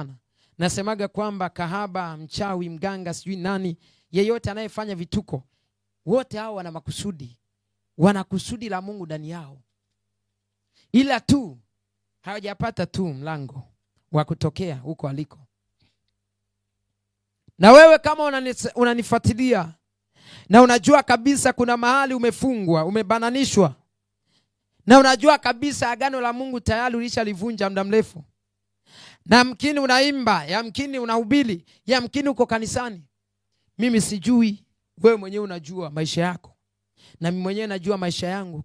tunakutana. Nasemaga kwamba kahaba, mchawi, mganga, sijui nani, yeyote anayefanya vituko, wote hao wana makusudi, wana kusudi la Mungu ndani yao, ila tu hawajapata tu mlango wa kutokea huko aliko. Na wewe kama unanifuatilia na unajua kabisa kuna mahali umefungwa, umebananishwa, na unajua kabisa agano la Mungu tayari ulishalivunja muda mrefu na mkini unaimba, yamkini unahubiri, yamkini uko kanisani. Mimi sijui, wewe mwenyewe unajua maisha yako na mimi mwenyewe najua maisha yangu.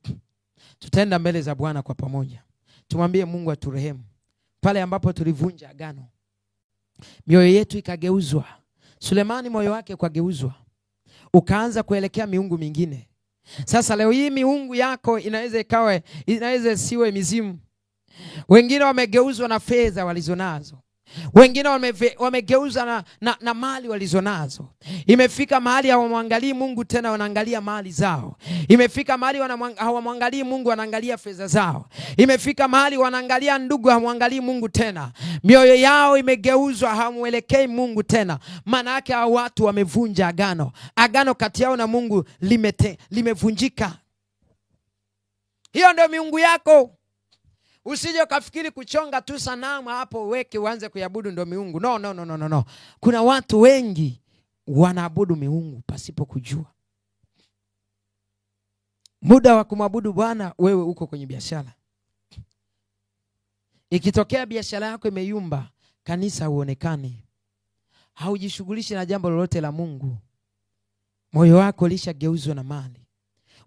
Tutaenda mbele za Bwana kwa pamoja, tumwambie Mungu aturehemu pale ambapo tulivunja agano, mioyo yetu ikageuzwa. Sulemani moyo wake ukageuzwa, ukaanza kuelekea miungu mingine. Sasa leo hii miungu yako inaweza ikawe, inaweza siwe mizimu wengine wamegeuzwa na fedha walizonazo wengine wamegeuzwa na, na, na mali walizonazo. Imefika mahali hawamwangalii Mungu tena, wanaangalia mali zao. Imefika mahali hawamwangalii Mungu, wanaangalia fedha zao. Imefika mahali wanaangalia ndugu, hawamwangalii Mungu tena. Mioyo yao imegeuzwa, hawamwelekei Mungu tena. Maana yake hao watu wamevunja agano, agano kati yao na Mungu limete, limevunjika. Hiyo ndio miungu yako. Usije ukafikiri kuchonga tu sanamu hapo weke uanze kuiabudu ndo miungu. No, no, no, no, no. Kuna watu wengi wanaabudu miungu pasipo kujua. Muda wa kumwabudu Bwana, wewe uko kwenye biashara. Ikitokea biashara yako imeyumba, kanisa huonekani haujishughulishi na jambo lolote la Mungu, moyo wako ulishageuzwa na mali,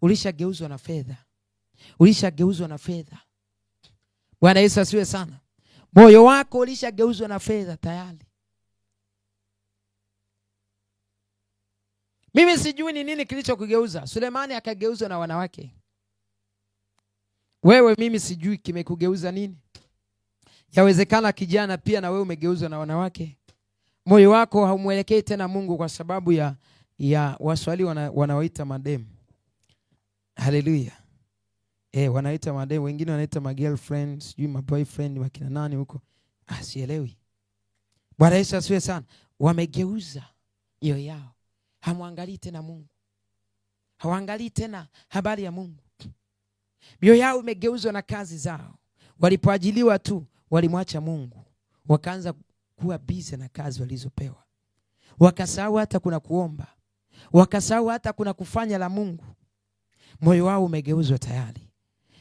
ulishageuzwa na fedha, ulishageuzwa na fedha Bwana Yesu asiwe sana. Moyo wako ulishageuzwa na fedha tayari. Mimi sijui ni nini kilichokugeuza. Sulemani akageuzwa na wanawake. Wewe mimi sijui kimekugeuza nini. Yawezekana kijana pia na wewe umegeuzwa na wanawake. Moyo wako haumwelekei tena Mungu kwa sababu ya ya Waswahili wana, wanawaita mademu. Haleluya eh, wanaita madai, wengine wanaita ma girlfriend, sijui ma boyfriend, wakina nani huko, asielewi. Ah, Bwana Yesu asiwe sana. Wamegeuza hiyo yao, hamwangalii tena Mungu, hawaangalii tena habari ya Mungu. Mioyo yao imegeuzwa na kazi zao. Walipoajiliwa tu walimwacha Mungu, wakaanza kuwa bize na kazi walizopewa, wakasahau hata kuna kuomba, wakasahau hata kuna kufanya la Mungu. Moyo wao umegeuzwa tayari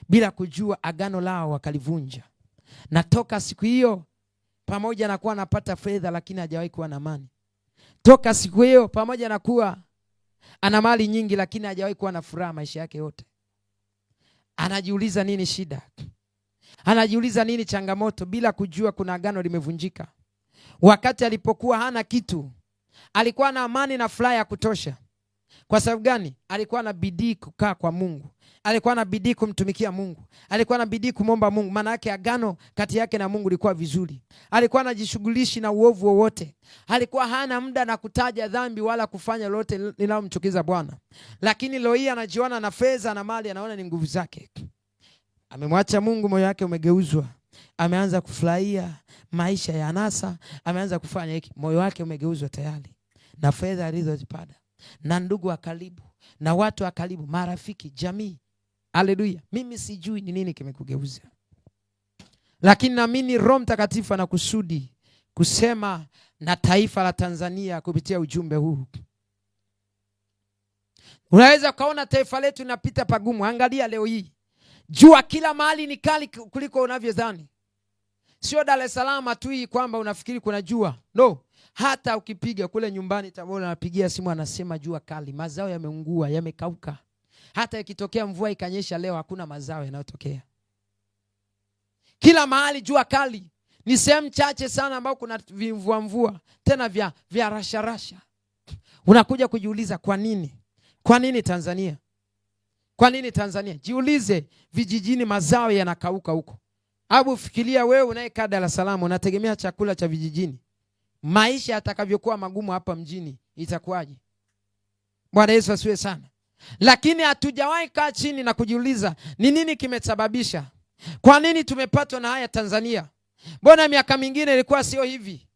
bila kujua agano lao wakalivunja, na toka siku hiyo, pamoja na kuwa anapata fedha, lakini hajawahi kuwa na amani. Toka siku hiyo, pamoja na kuwa ana mali nyingi, lakini hajawahi kuwa na furaha maisha yake yote. Anajiuliza nini shida, anajiuliza nini changamoto, bila kujua kuna agano limevunjika. Wakati alipokuwa hana kitu, alikuwa na amani na furaha ya kutosha. Kwa sababu gani? Alikuwa na bidii kukaa kwa Mungu, alikuwa na bidii kumtumikia Mungu, alikuwa na bidii kumwomba Mungu. Maana yake agano kati yake na Mungu ilikuwa vizuri, alikuwa anajishughulishi na uovu wowote, alikuwa hana muda na kutaja dhambi wala kufanya lolote linalomchukiza Bwana. Lakini loi anajiona na fedha na mali, anaona ni nguvu zake. Amemwacha Mungu, moyo wake umegeuzwa, ameanza kufurahia maisha ya anasa, ameanza kufanya hiki, moyo wake umegeuzwa tayari na fedha alizozipada na ndugu wa karibu na watu wa karibu, marafiki, jamii. Haleluya! Mimi sijui ni nini kimekugeuza, lakini naamini Roho Mtakatifu ana kusudi kusema na taifa la Tanzania kupitia ujumbe huu. Unaweza ukaona taifa letu linapita pagumu. Angalia leo hii, jua kila mahali ni kali kuliko unavyodhani. Sio Dar es Salaam tu hii kwamba unafikiri kuna jua. No, hata ukipiga kule nyumbani Tabora, anapigia simu anasema jua kali, mazao yameungua, yamekauka. Hata ikitokea mvua ikanyesha leo, hakuna mazao yanayotokea. Kila mahali jua kali. Ni sehemu chache sana ambao kuna vimvua mvua tena vya, vya rasha rasha. Unakuja kujiuliza kwa nini? Kwa nini Tanzania? Kwa nini Tanzania? Jiulize, vijijini mazao yanakauka huko abu fikiria wewe unayekaa Dar es Salaam unategemea chakula cha vijijini, maisha yatakavyokuwa magumu hapa mjini itakuwaje? Bwana Yesu asiwe sana, lakini hatujawahi kaa chini na kujiuliza ni nini kimesababisha, kwa nini tumepatwa na haya Tanzania? Mbona miaka mingine ilikuwa sio hivi?